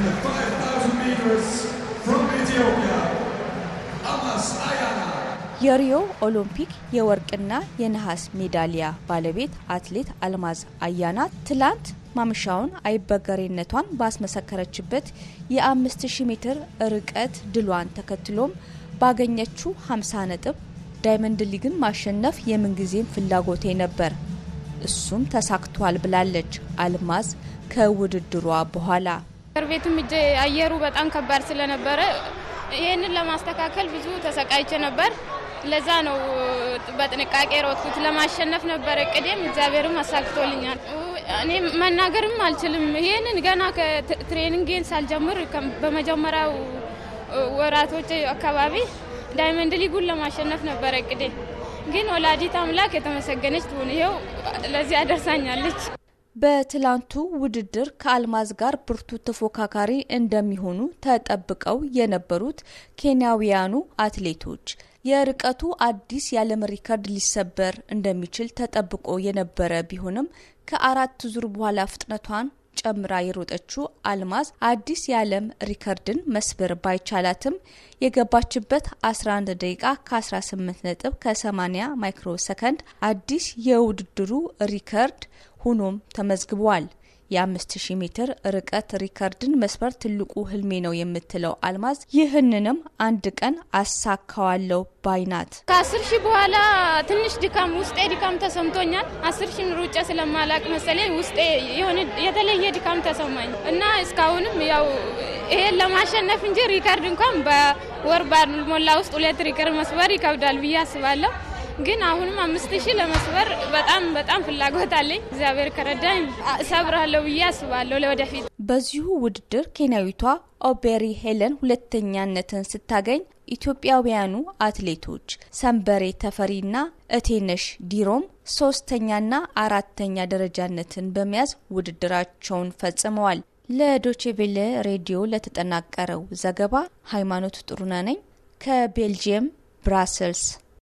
in the 5,000 meters from Ethiopia, Amas Ayana. የሪዮ ኦሎምፒክ የወርቅና የነሐስ ሜዳሊያ ባለቤት አትሌት አልማዝ አያና ትላንት ማምሻውን አይበገሬነቷን ባስመሰከረችበት የ5000 ሜትር ርቀት ድሏን ተከትሎም ባገኘችው 50 ነጥብ ዳይመንድ ሊግን ማሸነፍ የምንጊዜም ፍላጎቴ ነበር፣ እሱም ተሳክቷል ብላለች አልማዝ ከውድድሯ በኋላ ምክር ቤቱም እጄ አየሩ በጣም ከባድ ስለነበረ ይህንን ለማስተካከል ብዙ ተሰቃይቼ ነበር። ለዛ ነው በጥንቃቄ ሮጥኩት። ለማሸነፍ ነበር እቅዴም፣ እግዚአብሔርም አሳግቶልኛል። እኔ መናገርም አልችልም። ይህንን ገና ከትሬኒንግን ሳልጀምር በመጀመሪያው ወራቶች አካባቢ ዳይመንድ ሊጉን ለማሸነፍ ነበረ እቅዴ። ግን ወላዲት አምላክ የተመሰገነች ትሆን ይኸው ለዚህ አደርሳኛለች። በትላንቱ ውድድር ከአልማዝ ጋር ብርቱ ተፎካካሪ እንደሚሆኑ ተጠብቀው የነበሩት ኬንያውያኑ አትሌቶች የርቀቱ አዲስ የዓለም ሪከርድ ሊሰበር እንደሚችል ተጠብቆ የነበረ ቢሆንም ከአራት ዙር በኋላ ፍጥነቷን ጨምራ የሮጠችው አልማዝ አዲስ የዓለም ሪከርድን መስበር ባይቻላትም የገባችበት 11 ደቂቃ ከ18 ነጥብ ከ80 ማይክሮ ሰከንድ አዲስ የውድድሩ ሪከርድ ሆኖም ተመዝግቧል። የ5000 ሜትር ርቀት ሪከርድን መስበር ትልቁ ህልሜ ነው የምትለው አልማዝ ይህንንም አንድ ቀን አሳካዋለሁ ባይናት ከአስር ሺህ በኋላ ትንሽ ድካም ውስጤ ድካም ተሰምቶኛል። አስር ሩጫ ስለማላቅ መሰለኝ ውስጤ የሆነ የተለየ ድካም ተሰማኝ እና እስካሁንም ያው ይሄን ለማሸነፍ እንጂ ሪከርድ እንኳን በወር ባልሞላ ውስጥ ሁለት ሪከርድ መስበር ይከብዳል ብዬ አስባለሁ። ግን አሁንም አምስት ሺህ ለመስበር በጣም በጣም ፍላጎት አለኝ። እግዚአብሔር ከረዳኝ እሰብራለሁ ብዬ አስባለሁ ለወደፊት። በዚሁ ውድድር ኬንያዊቷ ኦቤሪ ሄለን ሁለተኛነትን ስታገኝ ኢትዮጵያውያኑ አትሌቶች ሰንበሬ ተፈሪና እቴነሽ ዲሮም ሶስተኛና አራተኛ ደረጃነትን በመያዝ ውድድራቸውን ፈጽመዋል። ለዶቼቬለ ሬዲዮ ለተጠናቀረው ዘገባ ሃይማኖት ጥሩና ነኝ ከቤልጅየም ብራሰልስ